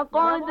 لقد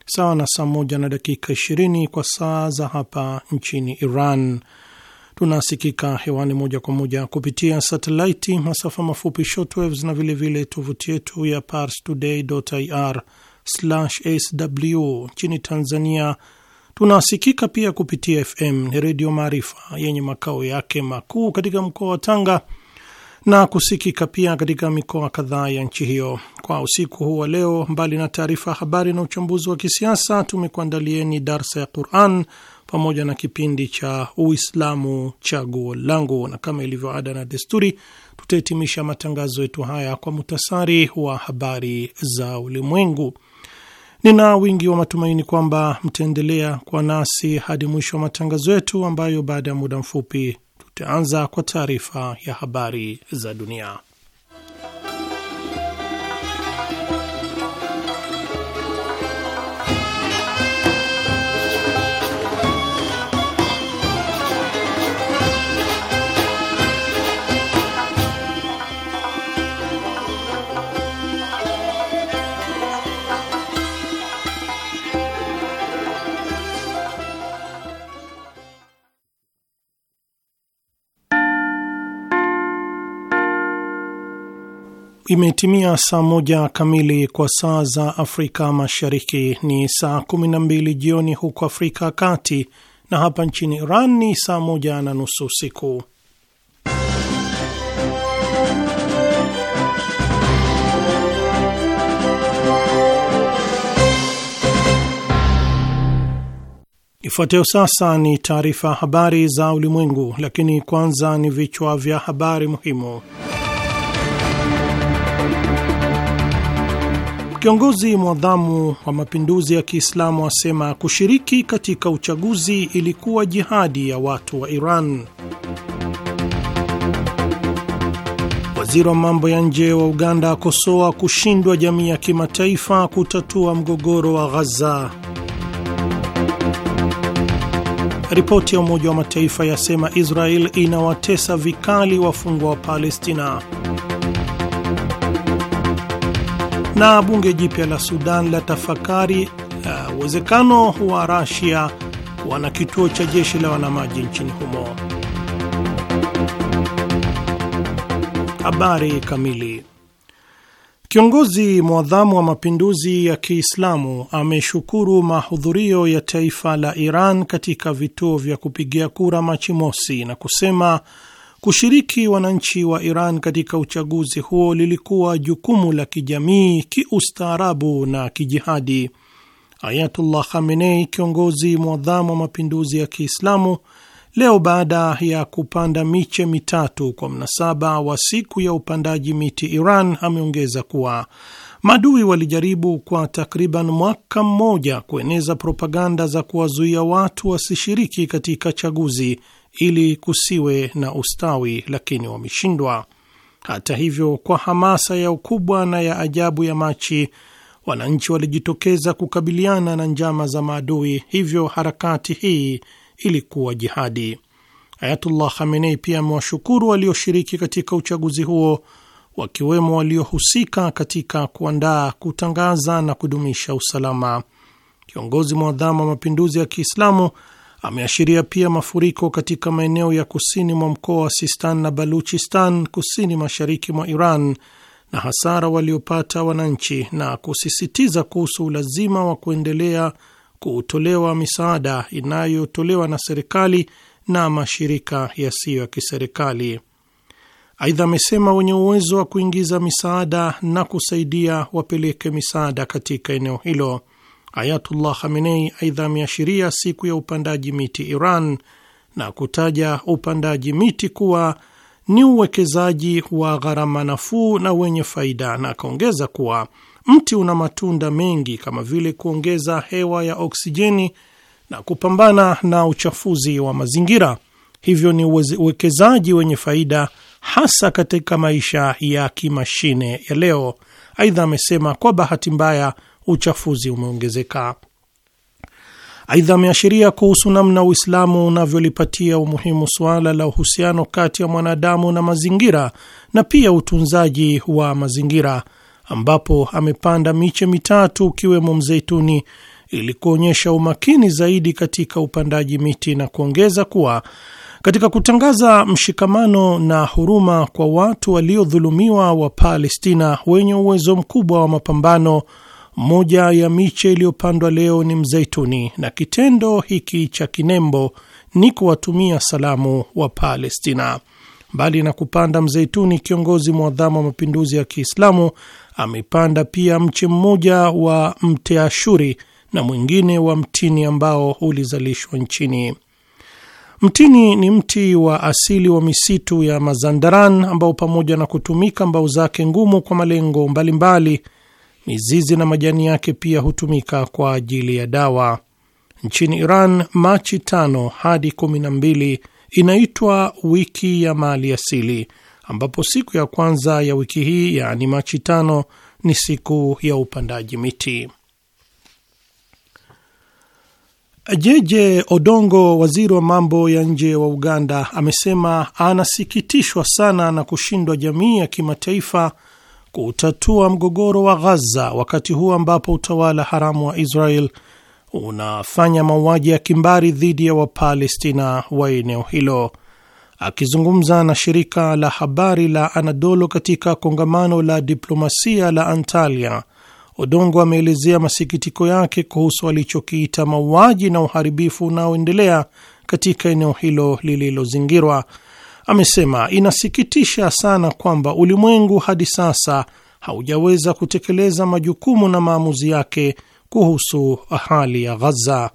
sawa na saa moja na dakika 20 kwa saa za hapa nchini Iran. Tunasikika hewani moja kwa moja kupitia satelaiti, masafa mafupi shortwaves, na vilevile tovuti yetu ya ir sw Nchini Tanzania tunasikika pia kupitia FM ni Redio Maarifa yenye makao yake makuu katika mkoa wa Tanga na kusikika pia katika mikoa kadhaa ya nchi hiyo. Kwa usiku huu wa leo, mbali na taarifa ya habari na uchambuzi wa kisiasa, tumekuandalieni darsa ya Quran pamoja na kipindi cha Uislamu chaguo langu, na kama ilivyo ada na desturi, tutahitimisha matangazo yetu haya kwa muhtasari wa habari za ulimwengu. Nina wingi wa matumaini kwamba mtaendelea kwa nasi hadi mwisho wa matangazo yetu ambayo baada ya muda mfupi Tutaanza kwa taarifa ya habari za dunia. Imetimia saa moja kamili kwa saa za Afrika Mashariki, ni saa kumi na mbili jioni huko Afrika ya Kati, na hapa nchini Iran ni saa moja na nusu usiku. Ifuatayo sasa ni taarifa habari za ulimwengu, lakini kwanza ni vichwa vya habari muhimu. Kiongozi mwadhamu wa mapinduzi ya Kiislamu asema kushiriki katika uchaguzi ilikuwa jihadi ya watu wa Iran. Waziri wa mambo ya nje wa Uganda akosoa kushindwa jamii ya kimataifa kutatua mgogoro wa Ghaza. Ripoti ya Umoja wa Mataifa yasema Israel inawatesa vikali wafungwa wa Palestina. na bunge jipya la Sudan la tafakari uh, uwezekano uh, wa Rasia wana kituo cha jeshi la wanamaji nchini humo. Habari kamili. Kiongozi mwadhamu wa mapinduzi ya Kiislamu ameshukuru mahudhurio ya taifa la Iran katika vituo vya kupigia kura Machi mosi na kusema Kushiriki wananchi wa Iran katika uchaguzi huo lilikuwa jukumu la kijamii, kiustaarabu na kijihadi. Ayatullah Khamenei, kiongozi mwadhamu wa mapinduzi ya Kiislamu, leo baada ya kupanda miche mitatu kwa mnasaba wa siku ya upandaji miti Iran, ameongeza kuwa maadui walijaribu kwa takriban mwaka mmoja kueneza propaganda za kuwazuia watu wasishiriki katika chaguzi ili kusiwe na ustawi, lakini wameshindwa. Hata hivyo, kwa hamasa ya ukubwa na ya ajabu ya Machi, wananchi walijitokeza kukabiliana na njama za maadui, hivyo harakati hii ilikuwa jihadi. Ayatullah Khamenei pia amewashukuru walioshiriki katika uchaguzi huo wakiwemo waliohusika katika kuandaa, kutangaza na kudumisha usalama. Kiongozi mwadhamu wa mapinduzi ya Kiislamu Ameashiria pia mafuriko katika maeneo ya kusini mwa mkoa wa Sistan na Baluchistan kusini mashariki mwa Iran na hasara waliopata wananchi na kusisitiza kuhusu ulazima wa kuendelea kutolewa misaada inayotolewa na serikali na mashirika yasiyo ya kiserikali. Aidha, amesema wenye uwezo wa kuingiza misaada na kusaidia wapeleke misaada katika eneo hilo. Ayatullah Khamenei aidha ameashiria siku ya upandaji miti Iran na kutaja upandaji miti kuwa ni uwekezaji wa gharama nafuu na wenye faida, na akaongeza kuwa mti una matunda mengi kama vile kuongeza hewa ya oksijeni na kupambana na uchafuzi wa mazingira. Hivyo ni uwekezaji wenye faida hasa katika maisha ya kimashine ya leo. Aidha amesema kwa bahati mbaya uchafuzi umeongezeka. Aidha, ameashiria kuhusu namna Uislamu unavyolipatia umuhimu suala la uhusiano kati ya mwanadamu na mazingira na pia utunzaji wa mazingira, ambapo amepanda miche mitatu ukiwemo mzeituni ili kuonyesha umakini zaidi katika upandaji miti na kuongeza kuwa katika kutangaza mshikamano na huruma kwa watu waliodhulumiwa wa Palestina wenye uwezo mkubwa wa mapambano moja ya miche iliyopandwa leo ni mzeituni, na kitendo hiki cha kinembo ni kuwatumia salamu wa Palestina. Mbali na kupanda mzeituni, kiongozi mwadhamu wa mapinduzi ya Kiislamu amepanda pia mche mmoja wa mteashuri na mwingine wa mtini ambao ulizalishwa nchini. Mtini ni mti wa asili wa misitu ya Mazandaran ambao pamoja na kutumika mbao zake ngumu kwa malengo mbalimbali mbali, Mizizi na majani yake pia hutumika kwa ajili ya dawa. Nchini Iran, Machi tano hadi kumi na mbili inaitwa wiki ya mali asili, ambapo siku ya kwanza ya wiki hii, yaani Machi tano, ni siku ya upandaji miti. Jeje Odongo, waziri wa mambo ya nje wa Uganda, amesema anasikitishwa sana na kushindwa jamii ya kimataifa kutatua mgogoro wa Ghaza wakati huu ambapo utawala haramu wa Israel unafanya mauaji ya kimbari dhidi ya Wapalestina wa eneo hilo. Akizungumza na shirika la habari la Anadolu katika kongamano la diplomasia la Antalya, Odongo ameelezea masikitiko yake kuhusu alichokiita mauaji na uharibifu unaoendelea katika eneo hilo lililozingirwa amesema inasikitisha sana kwamba ulimwengu hadi sasa haujaweza kutekeleza majukumu na maamuzi yake kuhusu hali ya Ghaza.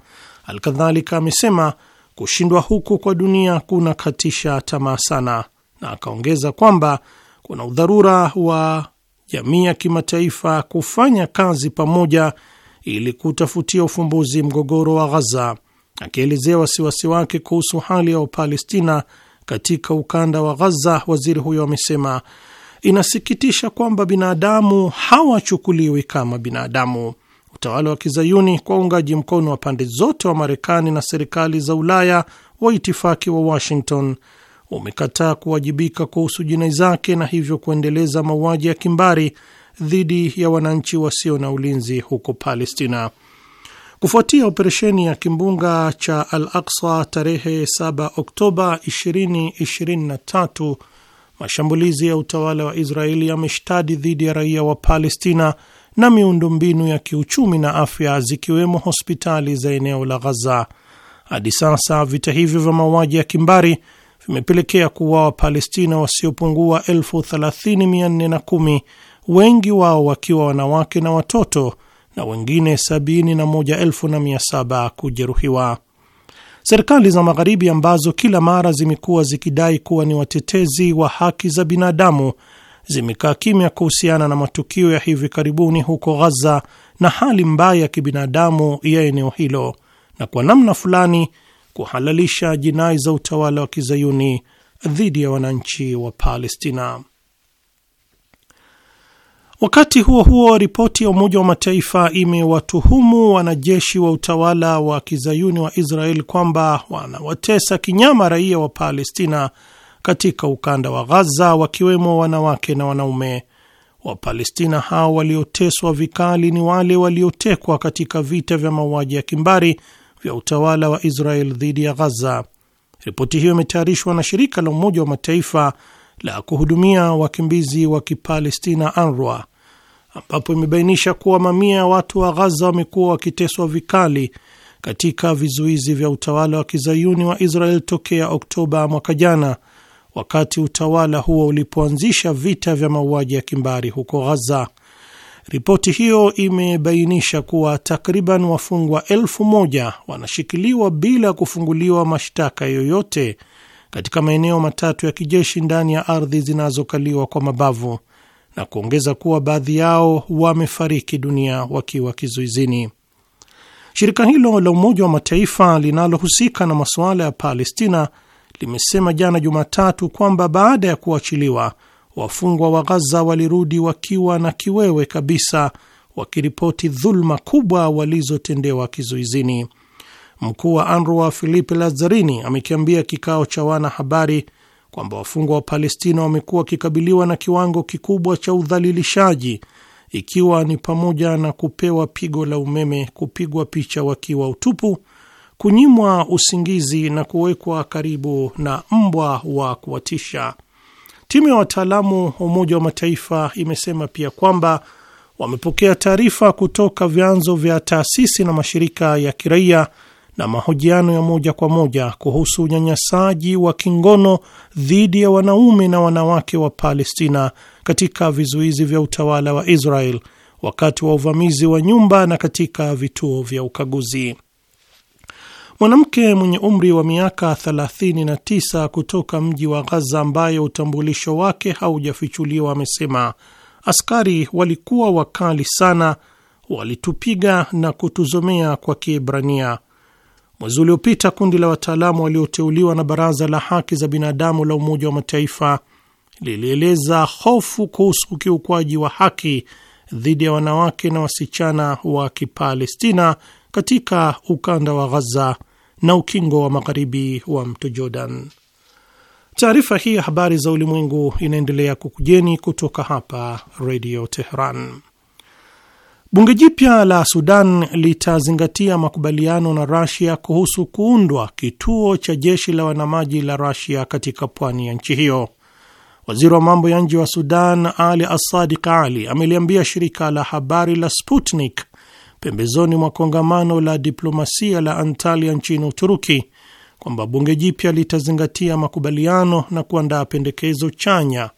Alkadhalika amesema kushindwa huku kwa dunia katisha tamaa sana, na akaongeza kwamba kuna udharura wa jamii ya kimataifa kufanya kazi pamoja ili kutafutia ufumbuzi mgogoro wa Ghaza, akielezea wasiwasi wake kuhusu hali ya Wapalestina katika ukanda wa Ghaza. Waziri huyo amesema inasikitisha kwamba binadamu hawachukuliwi kama binadamu. Utawala wa kizayuni kwa uungaji mkono wa pande zote wa Marekani na serikali za Ulaya wa itifaki wa Washington umekataa kuwajibika kuhusu jinai zake na hivyo kuendeleza mauaji ya kimbari dhidi ya wananchi wasio na ulinzi huko Palestina. Kufuatia operesheni ya kimbunga cha Al Aksa tarehe 7 Oktoba 2023, mashambulizi ya utawala wa Israeli yameshtadi dhidi ya raia wa Palestina na miundo mbinu ya kiuchumi na afya zikiwemo hospitali za eneo la Ghaza. Hadi sasa vita hivyo vya mauaji ya kimbari vimepelekea kuwa Wapalestina wasiopungua 3410 wengi wao wakiwa wanawake na watoto na wengine sabini na moja elfu na mia saba kujeruhiwa. Serikali za Magharibi ambazo kila mara zimekuwa zikidai kuwa ni watetezi wa haki za binadamu zimekaa kimya kuhusiana na matukio ya hivi karibuni huko Ghaza na hali mbaya ya kibinadamu ya eneo hilo na kwa namna fulani kuhalalisha jinai za utawala wa kizayuni dhidi ya wananchi wa Palestina. Wakati huo huo, ripoti ya Umoja wa Mataifa imewatuhumu wanajeshi wa utawala wa kizayuni wa Israel kwamba wanawatesa kinyama raia wa Palestina katika ukanda wa Ghaza, wakiwemo wanawake na wanaume. Wapalestina hao walioteswa vikali ni wale waliotekwa katika vita vya mauaji ya kimbari vya utawala wa Israel dhidi ya Ghaza. Ripoti hiyo imetayarishwa na shirika la Umoja wa Mataifa la kuhudumia wakimbizi wa Kipalestina UNRWA, ambapo imebainisha kuwa mamia ya watu wa Ghaza wamekuwa wakiteswa vikali katika vizuizi vya utawala wa kizayuni wa Israel tokea Oktoba mwaka jana, wakati utawala huo ulipoanzisha vita vya mauaji ya kimbari huko Ghaza. Ripoti hiyo imebainisha kuwa takriban wafungwa elfu moja wanashikiliwa bila kufunguliwa mashtaka yoyote katika maeneo matatu ya kijeshi ndani ya ardhi zinazokaliwa kwa mabavu na kuongeza kuwa baadhi yao wamefariki dunia wakiwa kizuizini. Shirika hilo la Umoja wa Mataifa linalohusika na masuala ya Palestina limesema jana Jumatatu kwamba baada ya kuachiliwa wafungwa wa Ghaza walirudi wakiwa na kiwewe kabisa, wakiripoti dhuluma kubwa walizotendewa kizuizini. Mkuu wa ANRUA Filipe Lazzarini amekiambia kikao cha wanahabari kwamba wafungwa wa Palestina wamekuwa wakikabiliwa na kiwango kikubwa cha udhalilishaji, ikiwa ni pamoja na kupewa pigo la umeme, kupigwa picha wakiwa utupu, kunyimwa usingizi na kuwekwa karibu na mbwa wa kuwatisha. Timu ya wataalamu wa Umoja wa Mataifa imesema pia kwamba wamepokea taarifa kutoka vyanzo vya taasisi na mashirika ya kiraia na mahojiano ya moja kwa moja kuhusu unyanyasaji wa kingono dhidi ya wanaume na wanawake wa Palestina katika vizuizi vya utawala wa Israel wakati wa uvamizi wa nyumba na katika vituo vya ukaguzi. Mwanamke mwenye umri wa miaka 39 kutoka mji wa Gaza ambaye utambulisho wake haujafichuliwa amesema askari walikuwa wakali sana, walitupiga na kutuzomea kwa Kiebrania Mwezi uliopita kundi la wataalamu walioteuliwa na Baraza la Haki za Binadamu la Umoja wa Mataifa lilieleza hofu kuhusu ukiukwaji wa haki dhidi ya wanawake na wasichana wa Kipalestina katika ukanda wa Ghaza na ukingo wa magharibi wa mto Jordan. Taarifa hii ya habari za ulimwengu inaendelea kukujeni kutoka hapa Redio Teheran. Bunge jipya la Sudan litazingatia makubaliano na Rasia kuhusu kuundwa kituo cha jeshi la wanamaji la Rasia katika pwani ya nchi hiyo. Waziri wa mambo ya nje wa Sudan Ali Assadiq Ali ameliambia shirika la habari la Sputnik pembezoni mwa kongamano la diplomasia la Antalya nchini Uturuki kwamba bunge jipya litazingatia makubaliano na kuandaa pendekezo chanya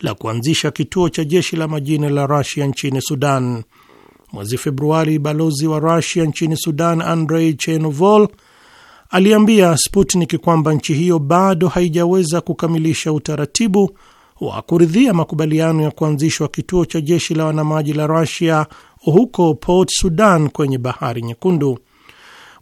la kuanzisha kituo cha jeshi la majini la Rasia nchini Sudan mwezi Februari, balozi wa Rusia nchini Sudan Andrei Chenovol aliambia Sputnik kwamba nchi hiyo bado haijaweza kukamilisha utaratibu wa kuridhia makubaliano ya kuanzishwa kituo cha jeshi la wanamaji la Rusia huko Port Sudan kwenye bahari Nyekundu.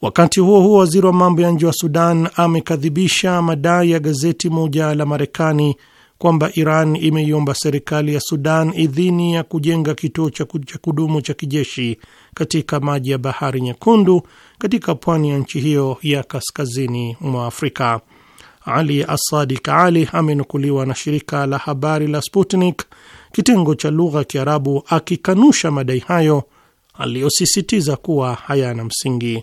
Wakati huo huo, waziri wa mambo ya nje wa Sudan amekadhibisha madai ya gazeti moja la Marekani kwamba Iran imeiomba serikali ya Sudan idhini ya kujenga kituo cha kudumu cha kijeshi katika maji ya Bahari Nyekundu katika pwani ya nchi hiyo ya kaskazini mwa Afrika. Ali Asadik Ali amenukuliwa na shirika la habari la Sputnik kitengo cha lugha ya Kiarabu akikanusha madai hayo aliyosisitiza kuwa hayana msingi.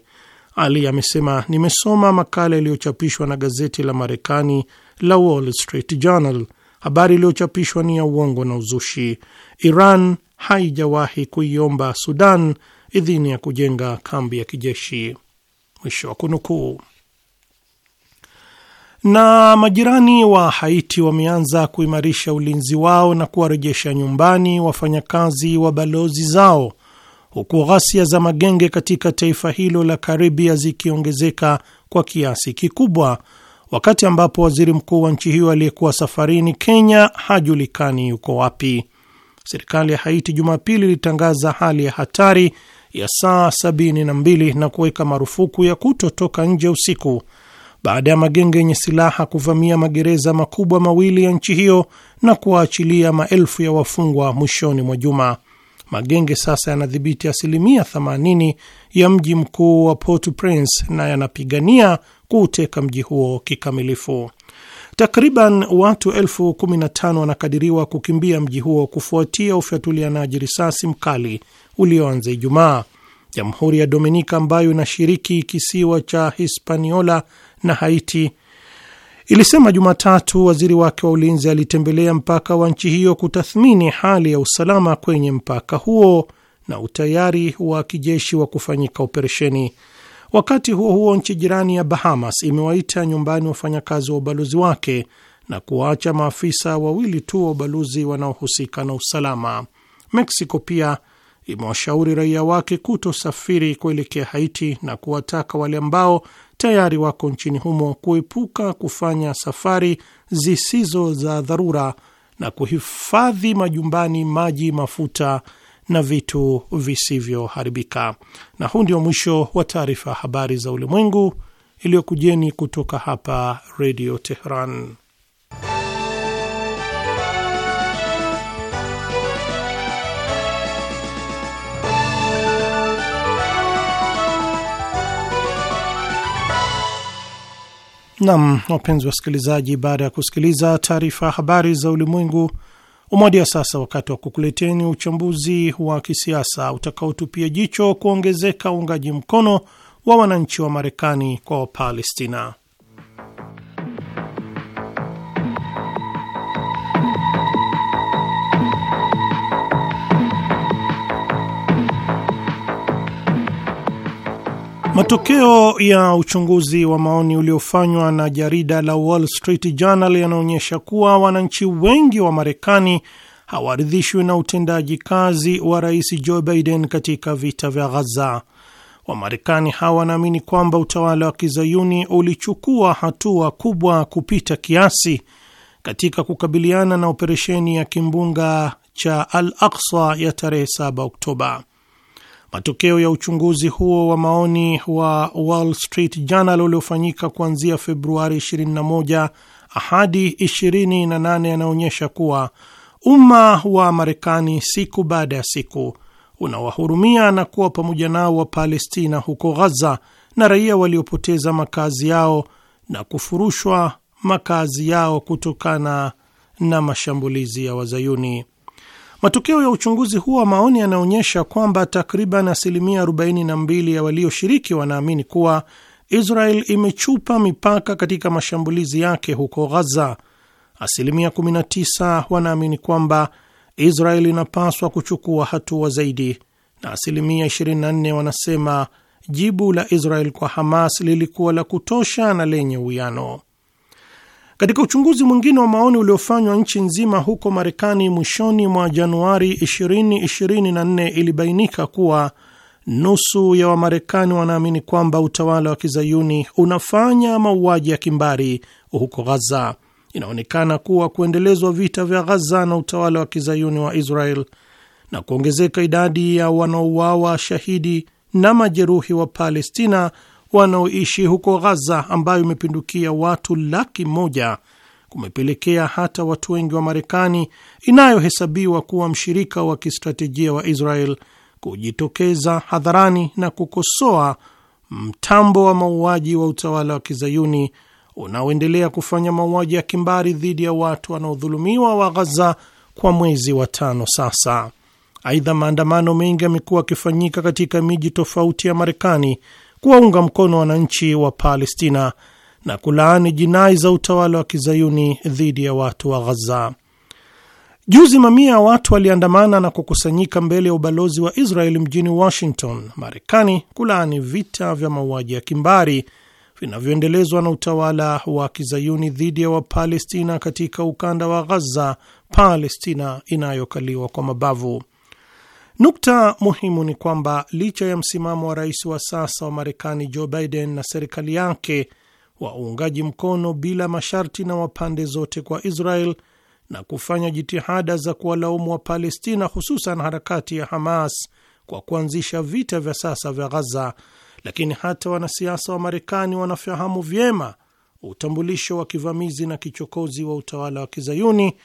Ali amesema, nimesoma makala iliyochapishwa na gazeti la Marekani la Wall Street Journal Habari iliyochapishwa ni ya uongo na uzushi. Iran haijawahi kuiomba Sudan idhini ya kujenga kambi ya kijeshi. Mwisho wa kunukuu. Na majirani wa Haiti wameanza kuimarisha ulinzi wao na kuwarejesha nyumbani wafanyakazi wa balozi zao huku ghasia za magenge katika taifa hilo la Karibia zikiongezeka kwa kiasi kikubwa wakati ambapo waziri mkuu wa nchi hiyo aliyekuwa safarini Kenya hajulikani yuko wapi. Serikali ya Haiti Jumapili ilitangaza hali ya hatari ya saa 72 na kuweka marufuku ya kutotoka nje usiku baada ya magenge yenye silaha kuvamia magereza makubwa mawili ya nchi hiyo na kuwaachilia maelfu ya wafungwa mwishoni mwa juma. Magenge sasa yanadhibiti asilimia 80 ya mji mkuu wa Port-au-Prince na yanapigania kuuteka mji huo kikamilifu. Takriban watu elfu kumi na tano wanakadiriwa kukimbia mji huo kufuatia ufyatulianaji risasi mkali ulioanza Ijumaa. Jamhuri ya Dominika ambayo inashiriki kisiwa cha Hispaniola na Haiti ilisema Jumatatu waziri wake wa ulinzi alitembelea mpaka wa nchi hiyo kutathmini hali ya usalama kwenye mpaka huo na utayari wa kijeshi wa kufanyika operesheni. Wakati huo huo, nchi jirani ya Bahamas imewaita nyumbani wafanyakazi wa ubalozi wake na kuwaacha maafisa wawili tu wa ubalozi wanaohusika na usalama. Mexico pia imewashauri raia wake kutosafiri kuelekea Haiti na kuwataka wale ambao tayari wako nchini humo kuepuka kufanya safari zisizo za dharura na kuhifadhi majumbani maji, mafuta na vitu visivyoharibika. Na huu ndio mwisho wa taarifa ya habari za ulimwengu iliyokujeni kutoka hapa Redio Teheran. Nam, wapenzi wasikilizaji, baada ya kusikiliza taarifa ya habari za ulimwengu Umoja sasa, wakati wa kukuleteni uchambuzi wa kisiasa utakaotupia jicho kuongezeka uungaji mkono wa wananchi wa Marekani kwa Wapalestina. Matokeo ya uchunguzi wa maoni uliofanywa na jarida la Wall Street Journal yanaonyesha kuwa wananchi wengi wa Marekani hawaridhishwi na utendaji kazi wa Rais Joe Biden katika vita vya Ghaza. Wamarekani hawa wanaamini kwamba utawala wa kizayuni ulichukua hatua kubwa kupita kiasi katika kukabiliana na operesheni ya kimbunga cha Al aksa ya tarehe 7 Oktoba. Matokeo ya uchunguzi huo wa maoni wa Wall Street Journal uliofanyika kuanzia Februari 21 hadi 28 yanaonyesha kuwa umma wa Marekani siku baada ya siku unawahurumia na kuwa pamoja nao wa Palestina huko Ghaza na raia waliopoteza makazi yao na kufurushwa makazi yao kutokana na mashambulizi ya Wazayuni. Matokeo ya uchunguzi huo wa maoni yanaonyesha kwamba takriban asilimia 42 ya walioshiriki wanaamini kuwa Israel imechupa mipaka katika mashambulizi yake huko Ghaza. Asilimia 19 wanaamini kwamba Israel inapaswa kuchukua hatua zaidi, na asilimia 24 wanasema jibu la Israel kwa Hamas lilikuwa la kutosha na lenye uwiano. Katika uchunguzi mwingine wa maoni uliofanywa nchi nzima huko Marekani mwishoni mwa Januari 2024 ilibainika kuwa nusu ya Wamarekani wanaamini kwamba utawala wa kizayuni unafanya mauaji ya kimbari huko Ghaza. Inaonekana kuwa kuendelezwa vita vya Ghaza na utawala wa kizayuni wa Israel na kuongezeka idadi ya wanaouawa shahidi na majeruhi wa Palestina wanaoishi huko Ghaza ambayo imepindukia watu laki moja kumepelekea hata watu wengi wa Marekani inayohesabiwa kuwa mshirika wa kistratejia wa Israel kujitokeza hadharani na kukosoa mtambo wa mauaji wa utawala wa kizayuni unaoendelea kufanya mauaji ya kimbari dhidi ya watu wanaodhulumiwa wa Ghaza kwa mwezi wa tano sasa. Aidha, maandamano mengi yamekuwa yakifanyika katika miji tofauti ya Marekani kuwaunga mkono wananchi wa Palestina na kulaani jinai za utawala wa kizayuni dhidi ya watu wa Ghaza. Juzi mamia ya watu waliandamana na kukusanyika mbele ya ubalozi wa Israeli mjini Washington, Marekani, kulaani vita vya mauaji ya kimbari vinavyoendelezwa na utawala wa kizayuni dhidi ya Wapalestina katika ukanda wa Ghaza, Palestina inayokaliwa kwa mabavu. Nukta muhimu ni kwamba licha ya msimamo wa rais wa sasa wa Marekani Joe Biden na serikali yake wa uungaji mkono bila masharti na wapande zote kwa Israel na kufanya jitihada za kuwalaumu wa Palestina, hususan harakati ya Hamas kwa kuanzisha vita vya sasa vya Ghaza, lakini hata wanasiasa wa Marekani wanafahamu vyema utambulisho wa kivamizi na kichokozi wa utawala wa kizayuni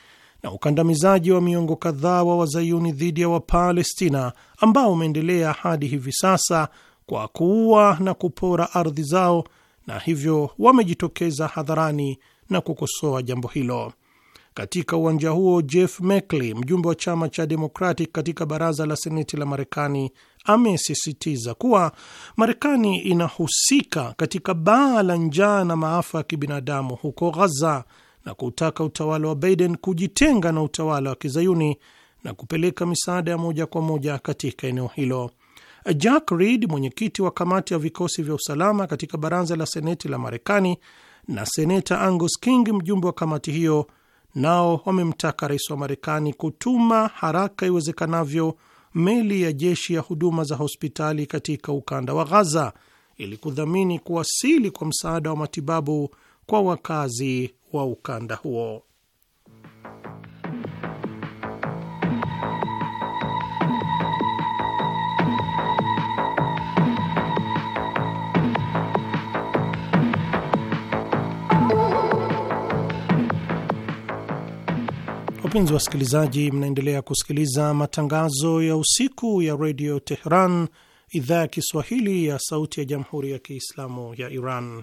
na ukandamizaji wa miongo kadhaa wa wazayuni dhidi ya Wapalestina ambao umeendelea hadi hivi sasa kwa kuua na kupora ardhi zao, na hivyo wamejitokeza hadharani na kukosoa jambo hilo. Katika uwanja huo, Jeff Merkley, mjumbe wa chama cha Democratic katika baraza la seneti la Marekani, amesisitiza kuwa Marekani inahusika katika baa la njaa na maafa ya kibinadamu huko Ghaza na kuutaka utawala wa Biden kujitenga na utawala wa kizayuni na kupeleka misaada ya moja kwa moja katika eneo hilo. Jack Reed, mwenyekiti wa kamati ya vikosi vya usalama katika baraza la seneti la Marekani, na seneta Angus King, mjumbe wa kamati hiyo, nao wamemtaka rais wa Marekani kutuma haraka iwezekanavyo meli ya jeshi ya huduma za hospitali katika ukanda wa Ghaza ili kudhamini kuwasili kwa msaada wa matibabu kwa wakazi wa ukanda huo. Wapenzi wa wasikilizaji, mnaendelea kusikiliza matangazo ya usiku ya redio Teheran, idhaa ya Kiswahili ya sauti ya jamhuri ya Kiislamu ya Iran.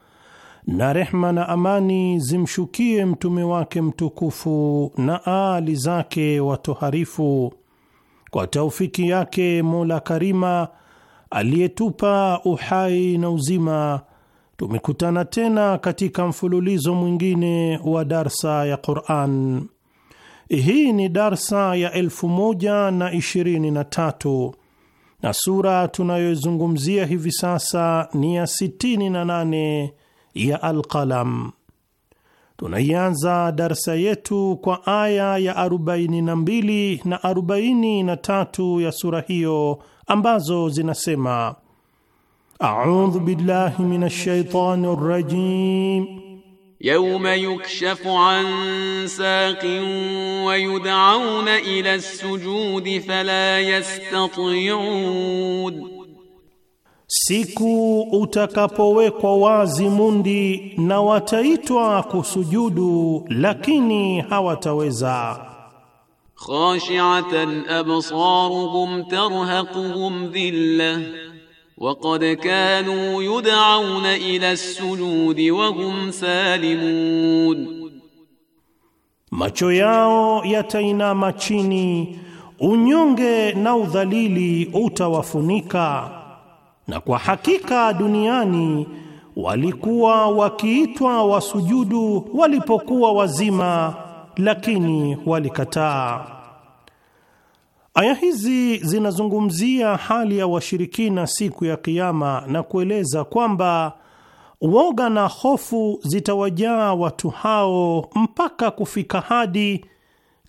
na rehma na amani zimshukie mtume wake mtukufu na aali zake watoharifu. Kwa taufiki yake Mola Karima aliyetupa uhai na uzima, tumekutana tena katika mfululizo mwingine wa darsa ya Quran. Hii ni darsa ya elfu moja na ishirini na tatu na sura tunayoizungumzia hivi sasa ni ya sitini na nane ya Alqalam. Tunaianza darsa yetu kwa aya ya 42 na 43 ya sura hiyo ambazo zinasema: audhu billahi minash shaitani rajim Yawma yukshafu an saqin wa yud'auna ila as-sujudi fala yastati'un Siku utakapowekwa wazi mundi na wataitwa kusujudu lakini hawataweza. khashi'atan absaruhum tarhaquhum dhilla wa qad kanu yud'auna ila as-sujudi wa hum salimun, macho yao yatainama chini, unyonge na udhalili utawafunika na kwa hakika duniani walikuwa wakiitwa wasujudu walipokuwa wazima, lakini walikataa. Aya hizi zinazungumzia hali ya washirikina siku ya Kiama na kueleza kwamba woga na hofu zitawajaa watu hao mpaka kufika hadi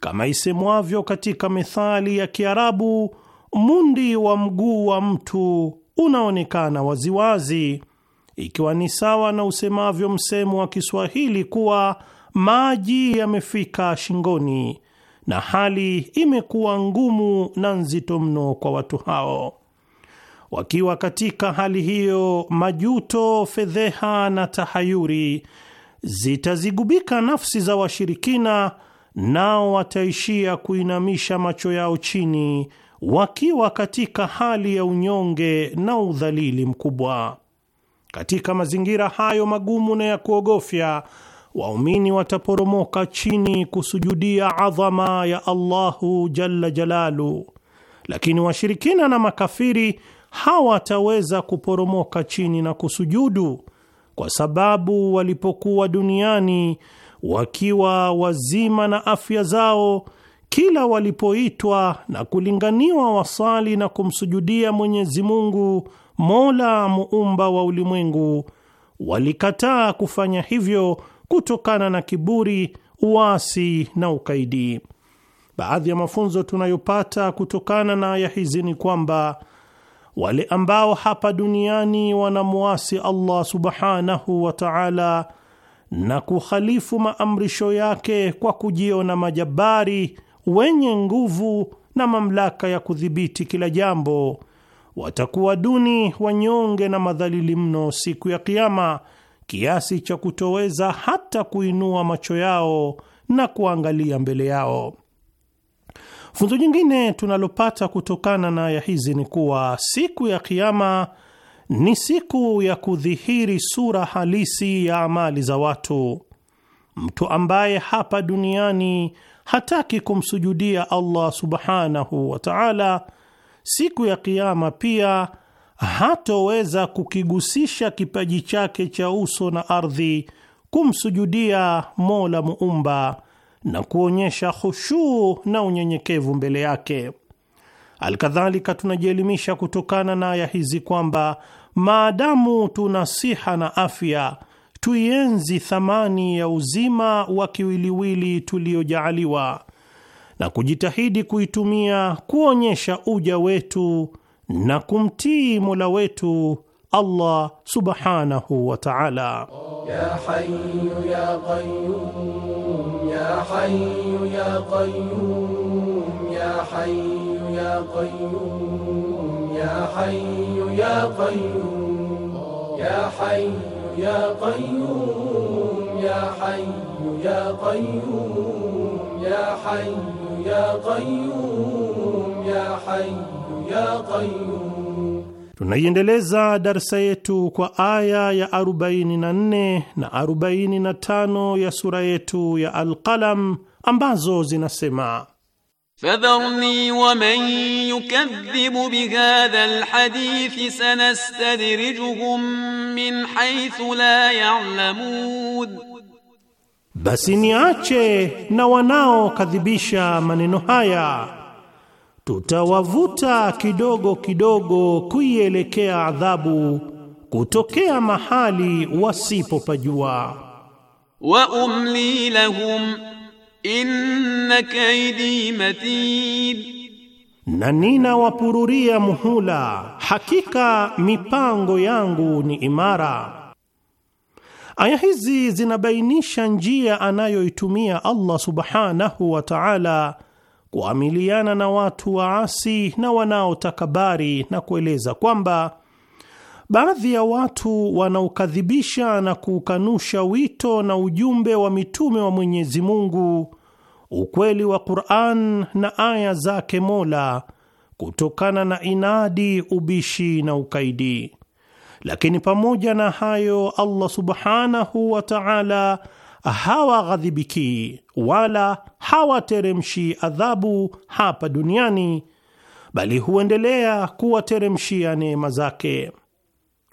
kama isemwavyo katika methali ya Kiarabu, mundi wa mguu wa mtu unaonekana waziwazi, ikiwa ni sawa na usemavyo msemo wa Kiswahili kuwa maji yamefika shingoni, na hali imekuwa ngumu na nzito mno kwa watu hao. Wakiwa katika hali hiyo, majuto, fedheha na tahayuri zitazigubika nafsi za washirikina, nao wataishia kuinamisha macho yao chini wakiwa katika hali ya unyonge na udhalili mkubwa. Katika mazingira hayo magumu na ya kuogofya, waumini wataporomoka chini kusujudia adhama ya Allahu jalla jalalu, lakini washirikina na makafiri hawataweza kuporomoka chini na kusujudu kwa sababu walipokuwa duniani wakiwa wazima na afya zao kila walipoitwa na kulinganiwa wasali na kumsujudia Mwenyezi Mungu, Mola muumba wa ulimwengu, walikataa kufanya hivyo kutokana na kiburi, uasi na ukaidi. Baadhi ya mafunzo tunayopata kutokana na aya hizi ni kwamba wale ambao hapa duniani wanamwasi Allah subhanahu wa ta'ala na kukhalifu maamrisho yake kwa kujiona majabari wenye nguvu na mamlaka ya kudhibiti kila jambo watakuwa duni, wanyonge na madhalili mno siku ya Kiama, kiasi cha kutoweza hata kuinua macho yao na kuangalia mbele yao. Funzo jingine tunalopata kutokana na aya hizi ni kuwa siku ya Kiama ni siku ya kudhihiri sura halisi ya amali za watu. Mtu ambaye hapa duniani hataki kumsujudia Allah subhanahu wa ta'ala, siku ya Kiyama pia hatoweza kukigusisha kipaji chake cha uso na ardhi kumsujudia Mola muumba na kuonyesha khushuu na unyenyekevu mbele yake. Alkadhalika, tunajielimisha kutokana na aya hizi kwamba maadamu tuna siha na afya tuienzi thamani ya uzima wa kiwiliwili tuliojaaliwa na kujitahidi kuitumia kuonyesha uja wetu na kumtii Mola wetu Allah subhanahu wa ta'ala. Ya hayyu ya qayyum ya qayyum. Tunaiendeleza darsa yetu kwa aya ya 44 na 45 ya sura yetu ya alqalam ambazo zinasema Fadharni wa man yukadhibu bihadha alhadithi sanastadrijuhum min haythu la ya'lamun, basi niache na wanaokadhibisha maneno haya, tutawavuta kidogo kidogo kuielekea adhabu kutokea mahali wasipopajua. wa umli lahum Inna kaidi matin, na wapururia muhula, hakika mipango yangu ni imara. Aya hizi zinabainisha njia anayoitumia Allah subhanahu wa ta'ala kuamiliana na watu waasi na wanaotakabari na kueleza kwamba Baadhi ya watu wanaokadhibisha na kuukanusha wito na ujumbe wa mitume wa Mwenyezi Mungu, ukweli wa Qur'an na aya zake Mola, kutokana na inadi, ubishi na ukaidi. Lakini pamoja na hayo, Allah Subhanahu wa Ta'ala hawaghadhibiki wala hawateremshi adhabu hapa duniani, bali huendelea kuwateremshia neema zake.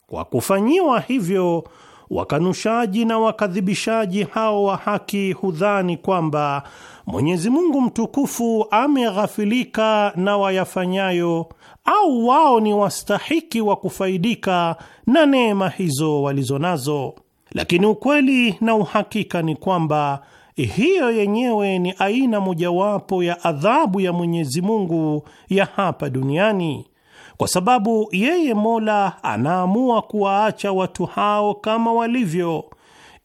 Kwa kufanyiwa hivyo, wakanushaji na wakadhibishaji hao wa haki hudhani kwamba Mwenyezi Mungu mtukufu ameghafilika na wayafanyayo au wao ni wastahiki wa kufaidika na neema hizo walizo nazo, lakini ukweli na uhakika ni kwamba hiyo yenyewe ni aina mojawapo ya adhabu ya Mwenyezi Mungu ya hapa duniani kwa sababu yeye Mola anaamua kuwaacha watu hao kama walivyo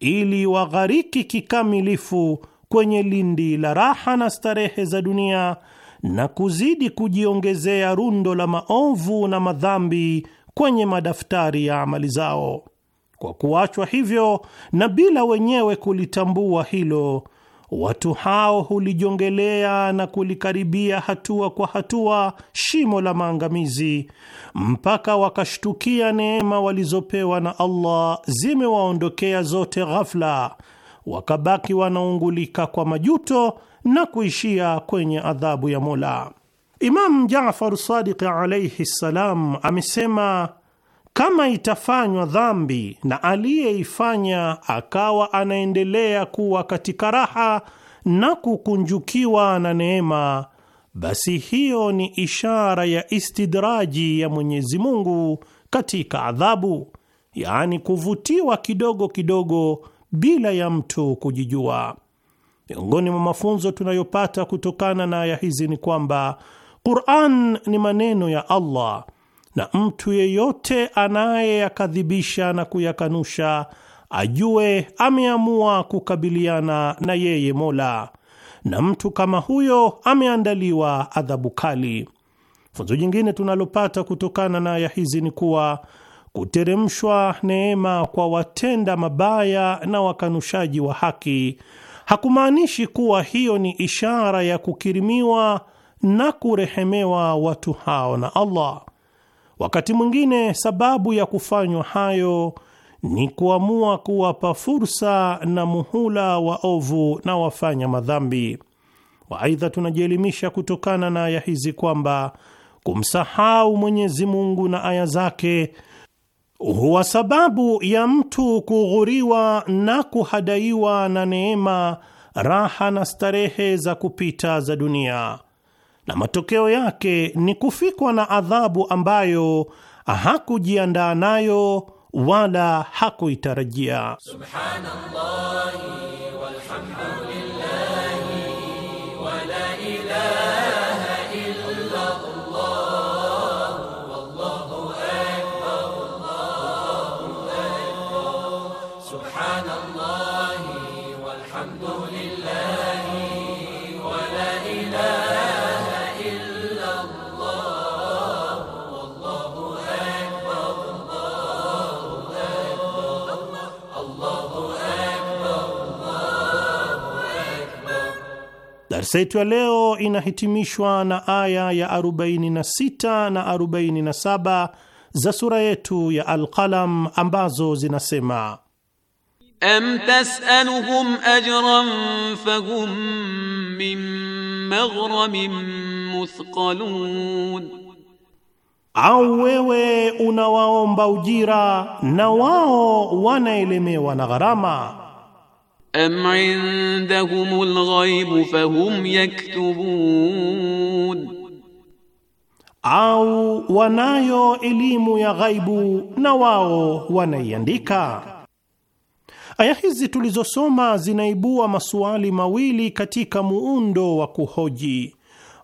ili waghariki kikamilifu kwenye lindi la raha na starehe za dunia na kuzidi kujiongezea rundo la maovu na madhambi kwenye madaftari ya amali zao. Kwa kuachwa hivyo na bila wenyewe kulitambua hilo, watu hao hulijongelea na kulikaribia hatua kwa hatua shimo la maangamizi mpaka wakashtukia neema walizopewa na Allah zimewaondokea zote ghafla, wakabaki wanaungulika kwa majuto na kuishia kwenye adhabu ya Mola. Imam Jafar Sadiq alaihi ssalam amesema kama itafanywa dhambi na aliyeifanya akawa anaendelea kuwa katika raha na kukunjukiwa na neema, basi hiyo ni ishara ya istidraji ya Mwenyezi Mungu katika adhabu, yaani kuvutiwa kidogo kidogo bila ya mtu kujijua. Miongoni mwa mafunzo tunayopata kutokana na aya hizi ni kwamba Qur'an ni maneno ya Allah na mtu yeyote anayeyakadhibisha na kuyakanusha ajue ameamua kukabiliana na yeye Mola, na mtu kama huyo ameandaliwa adhabu kali. Funzo jingine tunalopata kutokana na aya hizi ni kuwa kuteremshwa neema kwa watenda mabaya na wakanushaji wa haki hakumaanishi kuwa hiyo ni ishara ya kukirimiwa na kurehemewa watu hao na Allah. Wakati mwingine sababu ya kufanywa hayo ni kuamua kuwapa fursa na muhula waovu na wafanya madhambi. Waaidha, tunajielimisha kutokana na aya hizi kwamba kumsahau Mwenyezi Mungu na aya zake huwa sababu ya mtu kughuriwa na kuhadaiwa na neema, raha na starehe za kupita za dunia na matokeo yake ni kufikwa na adhabu ambayo hakujiandaa nayo wala hakuitarajia. Subhanallah. Darsa yetu ya leo inahitimishwa na aya ya 46 na 47 za sura yetu ya Alqalam ambazo zinasema: am tasaluhum ajran fahum min maghramin muthqalun, au wewe unawaomba ujira na wao wanaelemewa na gharama am indahumul ghaib fahum yaktubun, au wanayo elimu ya ghaibu na wao wanaiandika. Aya hizi tulizosoma zinaibua masuali mawili katika muundo wa kuhoji.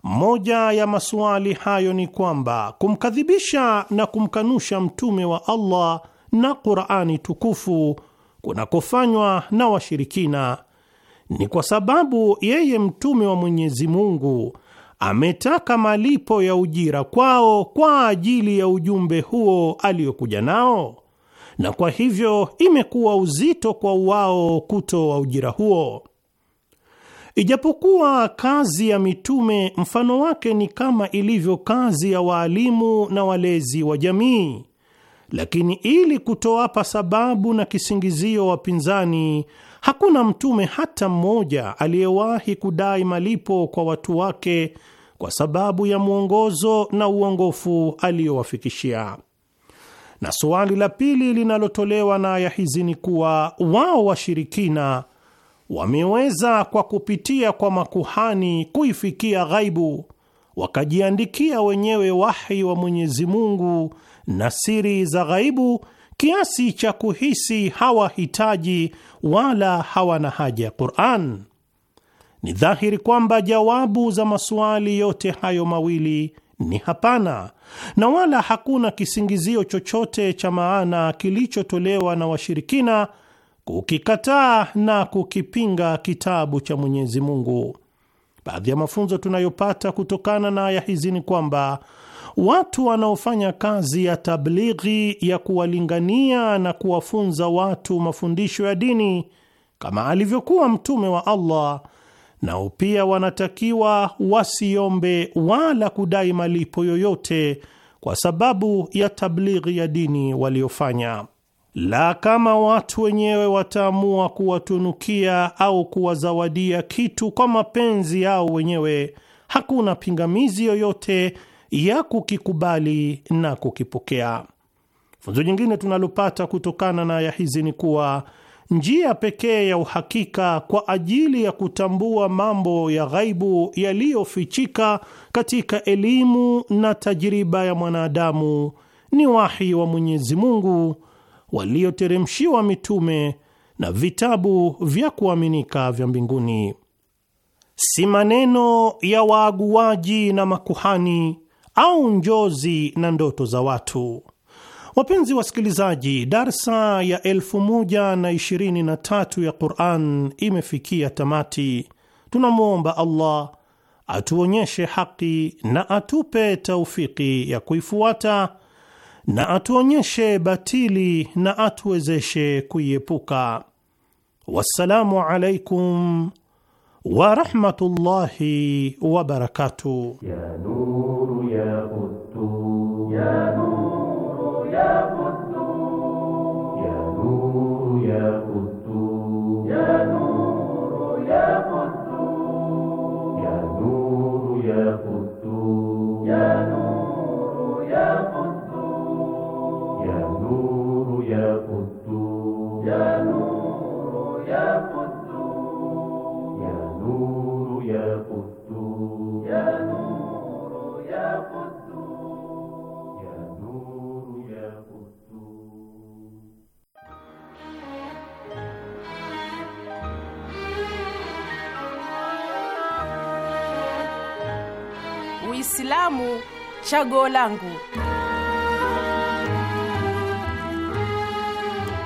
Moja ya masuali hayo ni kwamba kumkadhibisha na kumkanusha mtume wa Allah na Qur'ani tukufu kunakofanywa na washirikina ni kwa sababu yeye mtume wa Mwenyezi Mungu ametaka malipo ya ujira kwao kwa ajili ya ujumbe huo aliyokuja nao, na kwa hivyo imekuwa uzito kwa wao kutoa ujira huo. Ijapokuwa kazi ya mitume mfano wake ni kama ilivyo kazi ya waalimu na walezi wa jamii lakini ili kutoapa sababu na kisingizio wapinzani, hakuna mtume hata mmoja aliyewahi kudai malipo kwa watu wake kwa sababu ya mwongozo na uongofu aliyowafikishia. Na suali la pili linalotolewa na aya hizi ni kuwa wao washirikina wameweza kwa kupitia kwa makuhani kuifikia ghaibu, wakajiandikia wenyewe wahi wa Mwenyezi Mungu na siri za ghaibu kiasi cha kuhisi hawahitaji wala hawana haja ya Qur'an. Ni dhahiri kwamba jawabu za maswali yote hayo mawili ni hapana, na wala hakuna kisingizio chochote cha maana kilichotolewa na washirikina kukikataa na kukipinga kitabu cha Mwenyezi Mungu. Baadhi ya mafunzo tunayopata kutokana na aya hizi ni kwamba Watu wanaofanya kazi ya tablighi ya kuwalingania na kuwafunza watu mafundisho ya dini kama alivyokuwa Mtume wa Allah, nao pia wanatakiwa wasiombe wala kudai malipo yoyote kwa sababu ya tablighi ya dini waliofanya. La, kama watu wenyewe wataamua kuwatunukia au kuwazawadia kitu kwa mapenzi yao wenyewe, hakuna pingamizi yoyote ya kukikubali na kukipokea. Funzo jingine tunalopata kutokana na aya hizi ni kuwa njia pekee ya uhakika kwa ajili ya kutambua mambo ya ghaibu yaliyofichika katika elimu na tajiriba ya mwanadamu ni wahi wa Mwenyezi Mungu walioteremshiwa mitume na vitabu vya kuaminika vya mbinguni, si maneno ya waaguaji na makuhani au njozi na ndoto za watu. Wapenzi wasikilizaji, darsa ya elfu moja na ishirini na tatu ya Quran imefikia tamati. Tunamwomba Allah atuonyeshe haki na atupe taufiki ya kuifuata na atuonyeshe batili na atuwezeshe kuiepuka. Wassalamu alaikum warahmatullahi wabarakatuh. يا قدوس يا نور يا قدوس يا نور يا قدوس Uislamu chaguo langu.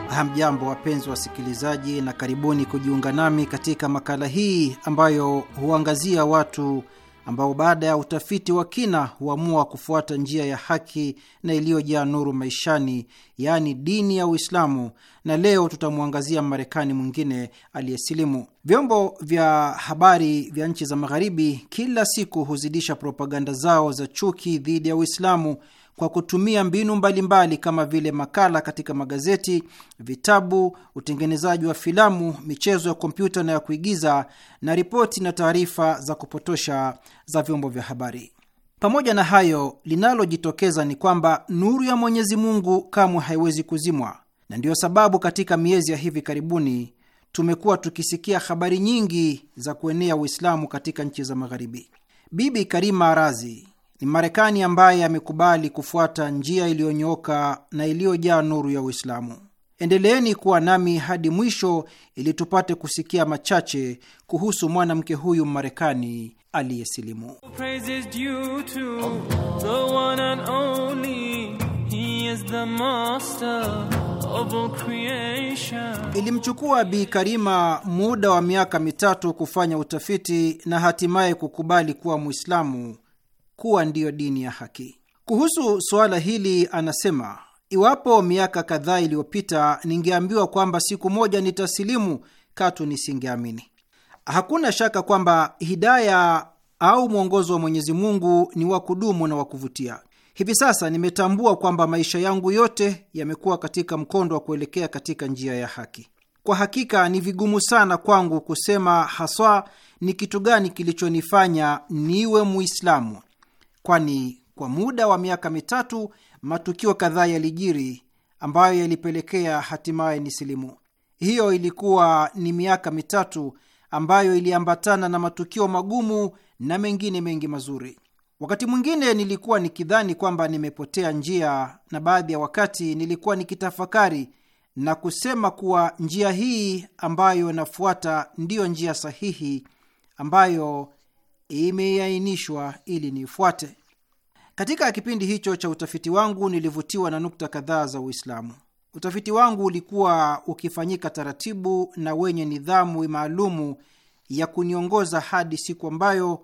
Hamjambo, wapenzi wasikilizaji, na karibuni kujiunga nami katika makala hii ambayo huangazia watu ambao baada ya utafiti wa kina huamua kufuata njia ya haki na iliyojaa nuru maishani, yaani dini ya Uislamu. Na leo tutamwangazia marekani mwingine aliyesilimu. Vyombo vya habari vya nchi za Magharibi kila siku huzidisha propaganda zao za chuki dhidi ya Uislamu kwa kutumia mbinu mbalimbali mbali kama vile makala katika magazeti, vitabu, utengenezaji wa filamu, michezo ya kompyuta na ya kuigiza, na ripoti na taarifa za kupotosha za vyombo vya habari. Pamoja na hayo, linalojitokeza ni kwamba nuru ya Mwenyezi Mungu kamwe haiwezi kuzimwa, na ndiyo sababu katika miezi ya hivi karibuni tumekuwa tukisikia habari nyingi za kuenea Uislamu katika nchi za Magharibi. Bibi Karima Arazi, ni Marekani ambaye amekubali kufuata njia iliyonyooka na iliyojaa nuru ya Uislamu. Endeleeni kuwa nami hadi mwisho ili tupate kusikia machache kuhusu mwanamke huyu Marekani aliyesilimu. Ilimchukua Bi Karima muda wa miaka mitatu kufanya utafiti na hatimaye kukubali kuwa Mwislamu kuwa ndiyo dini ya haki. Kuhusu suala hili anasema, iwapo miaka kadhaa iliyopita ningeambiwa kwamba siku moja nitasilimu, katu nisingeamini. Hakuna shaka kwamba hidaya au mwongozo wa Mwenyezi Mungu ni wa kudumu na wa kuvutia. Hivi sasa nimetambua kwamba maisha yangu yote yamekuwa katika mkondo wa kuelekea katika njia ya haki. Kwa hakika ni vigumu sana kwangu kusema haswa ni kitu gani kilichonifanya niwe Muislamu kwani kwa muda wa miaka mitatu matukio kadhaa yalijiri ambayo yalipelekea hatimaye nisilimu. Hiyo ilikuwa ni miaka mitatu ambayo iliambatana na matukio magumu na mengine mengi mazuri. Wakati mwingine nilikuwa nikidhani kwamba nimepotea njia, na baadhi ya wakati nilikuwa nikitafakari na kusema kuwa njia hii ambayo nafuata ndiyo njia sahihi ambayo imeainishwa ili niifuate. Katika kipindi hicho cha utafiti wangu nilivutiwa na nukta kadhaa za Uislamu. Utafiti wangu ulikuwa ukifanyika taratibu na wenye nidhamu maalumu ya kuniongoza hadi siku ambayo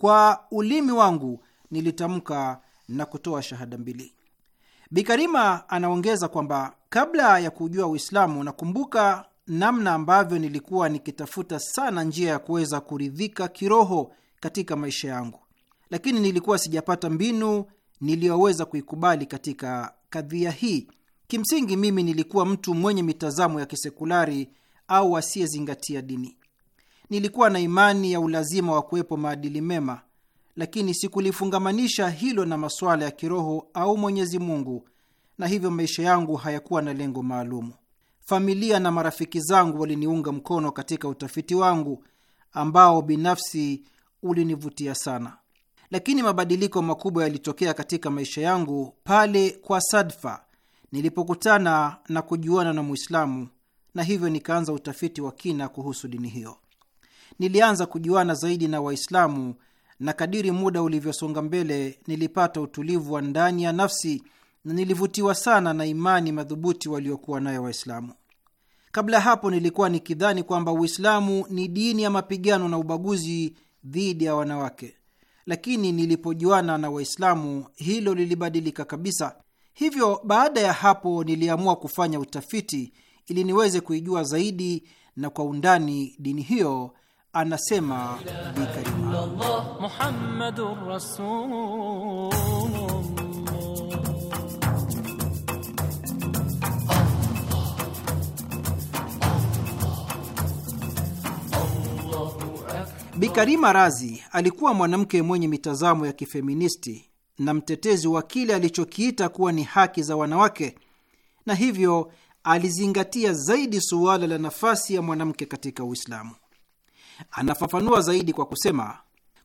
kwa ulimi wangu nilitamka na kutoa shahada mbili. Bikarima anaongeza kwamba kabla ya kujua Uislamu, nakumbuka namna ambavyo nilikuwa nikitafuta sana njia ya kuweza kuridhika kiroho katika maisha yangu, lakini nilikuwa sijapata mbinu niliyoweza kuikubali katika kadhia hii. Kimsingi mimi nilikuwa mtu mwenye mitazamo ya kisekulari au asiyezingatia dini. Nilikuwa na imani ya ulazima wa kuwepo maadili mema, lakini sikulifungamanisha hilo na masuala ya kiroho au Mwenyezi Mungu, na hivyo maisha yangu hayakuwa na lengo maalumu. Familia na marafiki zangu waliniunga mkono katika utafiti wangu ambao binafsi ulinivutia sana, lakini mabadiliko makubwa yalitokea katika maisha yangu pale kwa sadfa nilipokutana na kujuana na Muislamu, na hivyo nikaanza utafiti wa kina kuhusu dini hiyo. Nilianza kujuana zaidi na Waislamu, na kadiri muda ulivyosonga mbele, nilipata utulivu wa ndani ya nafsi na nilivutiwa sana na imani madhubuti waliokuwa nayo Waislamu. Kabla ya hapo nilikuwa nikidhani kwamba Uislamu ni dini ya mapigano na ubaguzi dhidi ya wanawake, lakini nilipojuana na Waislamu hilo lilibadilika kabisa. Hivyo baada ya hapo niliamua kufanya utafiti ili niweze kuijua zaidi na kwa undani dini hiyo, anasema Bikarima. Bi Razi alikuwa mwanamke mwenye mitazamo ya kifeministi na mtetezi wa kile alichokiita kuwa ni haki za wanawake na hivyo alizingatia zaidi suala la nafasi ya mwanamke katika Uislamu. Anafafanua zaidi kwa kusema,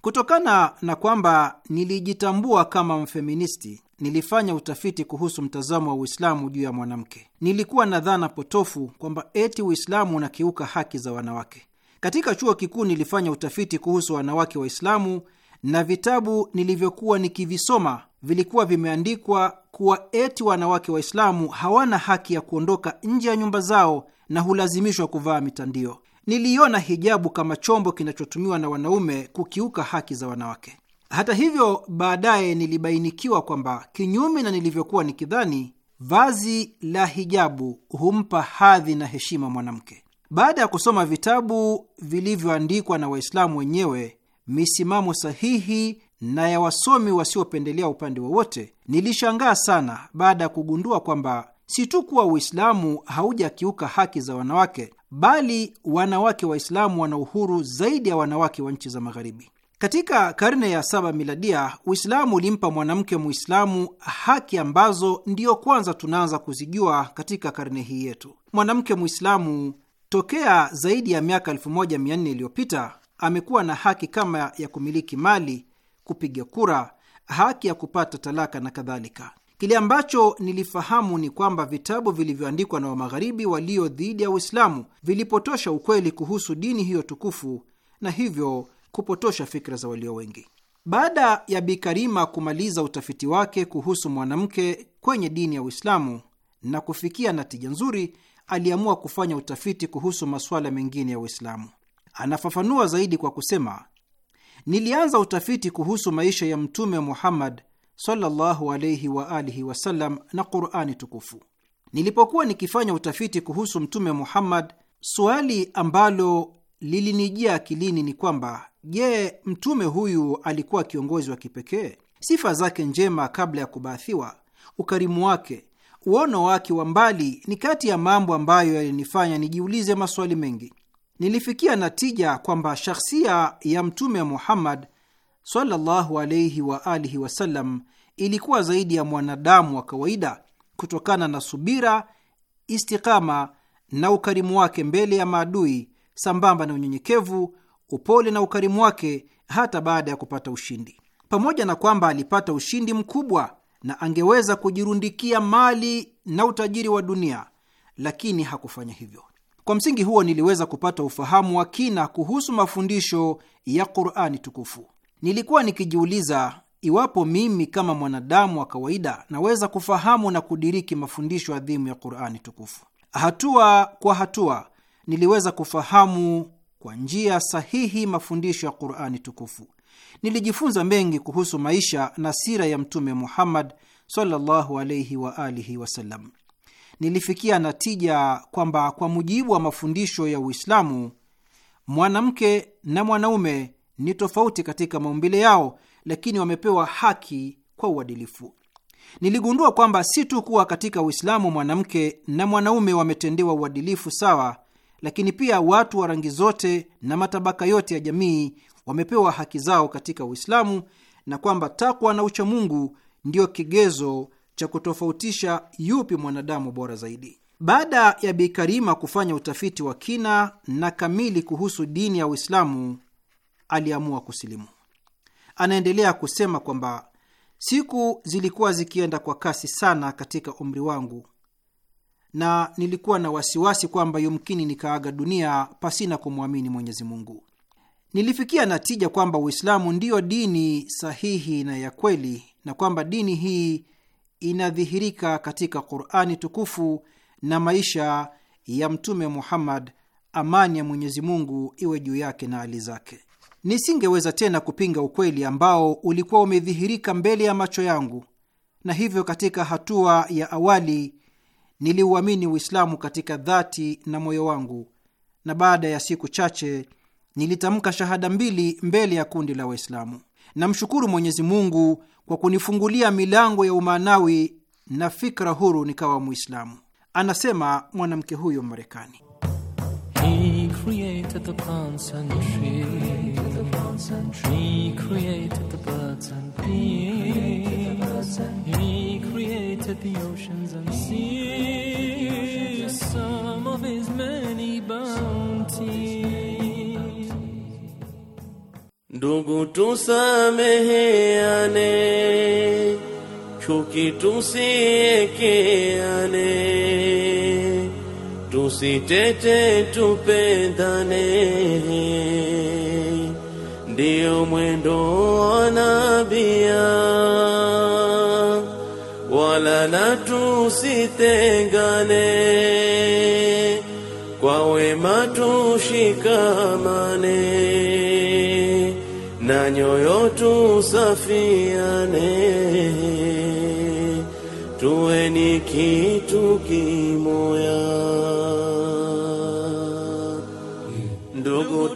kutokana na kwamba nilijitambua kama mfeministi, nilifanya utafiti kuhusu mtazamo wa Uislamu juu ya mwanamke. Nilikuwa na dhana potofu kwamba eti Uislamu unakiuka haki za wanawake. Katika chuo kikuu nilifanya utafiti kuhusu wanawake Waislamu na vitabu nilivyokuwa nikivisoma vilikuwa vimeandikwa kuwa eti wanawake Waislamu hawana haki ya kuondoka nje ya nyumba zao na hulazimishwa kuvaa mitandio. niliona hijabu kama chombo kinachotumiwa na wanaume kukiuka haki za wanawake. Hata hivyo, baadaye nilibainikiwa kwamba kinyume na nilivyokuwa nikidhani, vazi la hijabu humpa hadhi na heshima mwanamke. Baada ya kusoma vitabu vilivyoandikwa na Waislamu wenyewe, misimamo sahihi na ya wasomi wasiopendelea upande wowote, nilishangaa sana baada ya kugundua kwamba si tu kuwa Uislamu haujakiuka haki za wanawake, bali wanawake Waislamu wana uhuru zaidi ya wanawake wa nchi za Magharibi. Katika karne ya saba miladia, Uislamu ulimpa mwanamke Muislamu haki ambazo ndiyo kwanza tunaanza kuzijua katika karne hii yetu. Mwanamke Muislamu Tokea zaidi ya miaka 1400 iliyopita amekuwa na haki kama ya kumiliki mali, kupiga kura, haki ya kupata talaka na kadhalika. Kile ambacho nilifahamu ni kwamba vitabu vilivyoandikwa na Wamagharibi walio dhidi ya Uislamu vilipotosha ukweli kuhusu dini hiyo tukufu na hivyo kupotosha fikra za walio wengi. Baada ya Bikarima kumaliza utafiti wake kuhusu mwanamke kwenye dini ya Uislamu na kufikia natija nzuri, aliamua kufanya utafiti kuhusu masuala mengine ya Uislamu. Anafafanua zaidi kwa kusema, nilianza utafiti kuhusu maisha ya Mtume Muhammad sallallahu alayhi wa alihi wasallam na Qurani tukufu. Nilipokuwa nikifanya utafiti kuhusu Mtume Muhammad, suali ambalo lilinijia akilini ni kwamba je, mtume huyu alikuwa kiongozi wa kipekee? Sifa zake njema kabla ya kubaathiwa, ukarimu wake, Uono wake wa mbali ni kati ya mambo ambayo yalinifanya nijiulize maswali mengi. Nilifikia natija kwamba shakhsia ya Mtume Muhammad sallallahu alayhi wa alihi wasallam ilikuwa zaidi ya mwanadamu wa kawaida kutokana na subira, istikama na ukarimu wake mbele ya maadui, sambamba na unyenyekevu, upole na ukarimu wake hata baada ya kupata ushindi. Pamoja na kwamba alipata ushindi mkubwa na angeweza kujirundikia mali na utajiri wa dunia, lakini hakufanya hivyo. Kwa msingi huo, niliweza kupata ufahamu wa kina kuhusu mafundisho ya Qur'ani tukufu. Nilikuwa nikijiuliza iwapo mimi kama mwanadamu wa kawaida naweza kufahamu na kudiriki mafundisho adhimu ya Qur'ani tukufu. Hatua kwa hatua, niliweza kufahamu kwa njia sahihi mafundisho ya Qur'ani tukufu nilijifunza mengi kuhusu maisha na sira ya Mtume Muhammad sallallahu alaihi wa alihi wasallam. Nilifikia natija kwamba kwa mujibu wa mafundisho ya Uislamu, mwanamke na mwanaume ni tofauti katika maumbile yao, lakini wamepewa haki kwa uadilifu. Niligundua kwamba si tu kuwa katika Uislamu mwanamke na mwanaume wametendewa uadilifu sawa, lakini pia watu wa rangi zote na matabaka yote ya jamii wamepewa haki zao katika Uislamu na kwamba takwa na ucha mungu ndiyo kigezo cha kutofautisha yupi mwanadamu bora zaidi. Baada ya Bi Karima kufanya utafiti wa kina na kamili kuhusu dini ya Uislamu, aliamua kusilimu. Anaendelea kusema kwamba siku zilikuwa zikienda kwa kasi sana katika umri wangu, na nilikuwa na wasiwasi kwamba yumkini nikaaga dunia pasina kumwamini Mwenyezi Mungu. Nilifikia natija kwamba Uislamu ndiyo dini sahihi na ya kweli na kwamba dini hii inadhihirika katika Qurani tukufu na maisha ya Mtume Muhammad, amani ya Mwenyezi Mungu iwe juu yake na hali zake. Nisingeweza tena kupinga ukweli ambao ulikuwa umedhihirika mbele ya macho yangu, na hivyo katika hatua ya awali niliuamini Uislamu katika dhati na moyo wangu, na baada ya siku chache nilitamka shahada mbili mbele ya kundi la Waislamu. Namshukuru Mwenyezi Mungu kwa kunifungulia milango ya umaanawi na fikra huru nikawa Mwislamu, anasema mwanamke huyo Marekani. Ndugu, tusameheane, chuki tusiekeane, tusitete, tupendane, ndiyo mwendo wa nabia, wala na tusitengane, kwa wema tushikamane na nyoyo tusafiane, tuwe ni kitu kimoya.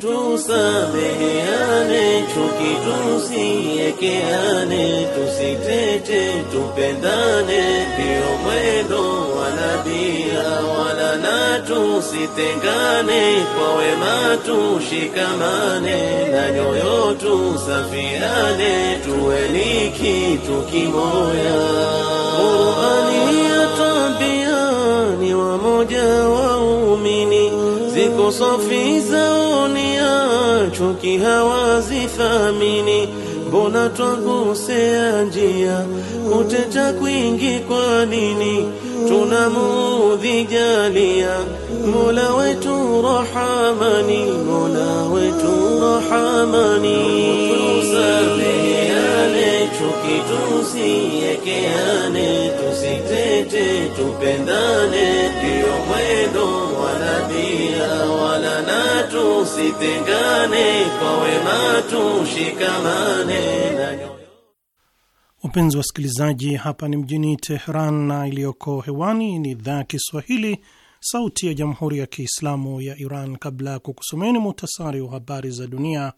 tusameheane, chuki tusiekeane, tusitete, tupendane, ndio mwendo wala bia wala na tusitengane, kwa wema tushikamane, na nyoyo tusafiane, tuweliki kitu kimoya. Qurani tabia ni wamoja waumini zangu safi zao chuki hawazithamini, mbona twagusea njia, kuteta kwingi kwa nini? Tunamudhi jalia, Mola wetu rahamani, Mola wetu rahamani, tusameheane tusiekeane, tusitete, tupendane, ndiyo mwendo wa nabia wala na tusitengane, kwa wema tushikamane na upenzi wa wasikilizaji, hapa ni mjini Teheran na iliyoko hewani ni idhaa ya Kiswahili sauti ya jamhuri ya Kiislamu ya Iran. Kabla ya kukusomeni muhtasari wa habari za dunia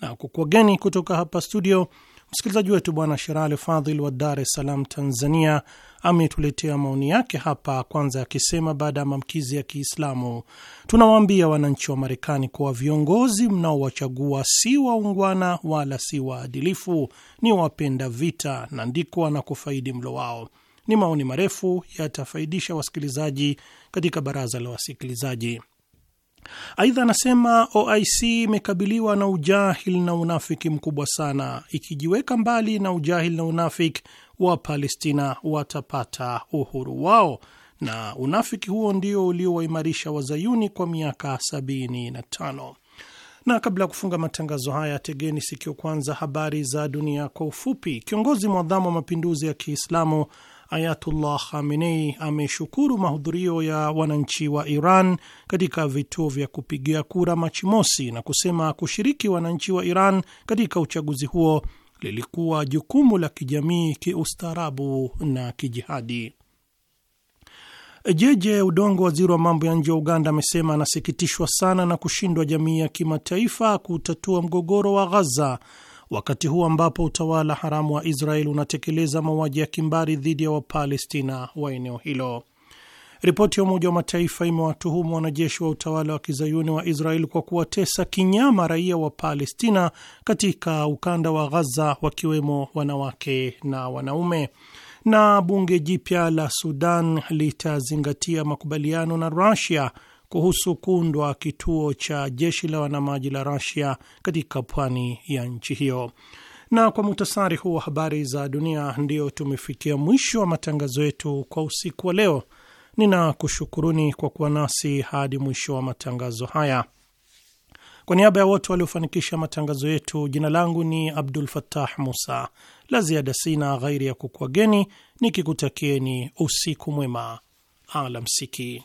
na kukuwageni kutoka hapa studio Msikilizaji wetu Bwana Sherali Fadhil wa Dar es Salaam, Tanzania, ametuletea maoni yake hapa, kwanza akisema baada ya maamkizi ya Kiislamu, tunawaambia wananchi wa Marekani kuwa viongozi mnaowachagua si waungwana wala si waadilifu, ni wapenda vita na ndiko wanakufaidi mlo wao. Ni maoni marefu yatafaidisha wasikilizaji katika baraza la wasikilizaji. Aidha anasema OIC imekabiliwa na ujahil na unafiki mkubwa sana. Ikijiweka mbali na ujahil na unafiki, wa Palestina watapata uhuru wao, na unafiki huo ndio uliowaimarisha wazayuni kwa miaka 75. Na kabla ya kufunga matangazo haya, tegeni sikio kwanza habari za dunia kwa ufupi. Kiongozi mwadhamu wa mapinduzi ya Kiislamu Ayatullah Khamenei ameshukuru mahudhurio ya wananchi wa Iran katika vituo vya kupigia kura Machi mosi na kusema kushiriki wananchi wa Iran katika uchaguzi huo lilikuwa jukumu la kijamii, kiustaarabu na kijihadi. Jeje Udongo, waziri wa mambo ya nje wa Uganda, amesema anasikitishwa sana na kushindwa jamii ya kimataifa kutatua mgogoro wa Ghaza wakati huu ambapo utawala haramu wa Israel unatekeleza mauaji ya kimbari dhidi ya Wapalestina wa eneo hilo. Ripoti ya Umoja wa Mataifa imewatuhumu wanajeshi wa utawala wa kizayuni wa Israel kwa kuwatesa kinyama raia wa Palestina katika ukanda wa Ghaza, wakiwemo wanawake na wanaume. Na bunge jipya la Sudan litazingatia makubaliano na Rusia kuhusu kuundwa kituo cha jeshi la wanamaji la Rasia katika pwani ya nchi hiyo. Na kwa muhtasari huu wa habari za dunia, ndio tumefikia mwisho wa matangazo yetu kwa usiku wa leo. Ninakushukuruni kwa kuwa nasi hadi mwisho wa matangazo haya. Kwa niaba ya wote waliofanikisha matangazo yetu, jina langu ni Abdul Fattah Musa. La ziada sina ghairi ya kukuageni nikikutakieni usiku mwema, alamsiki.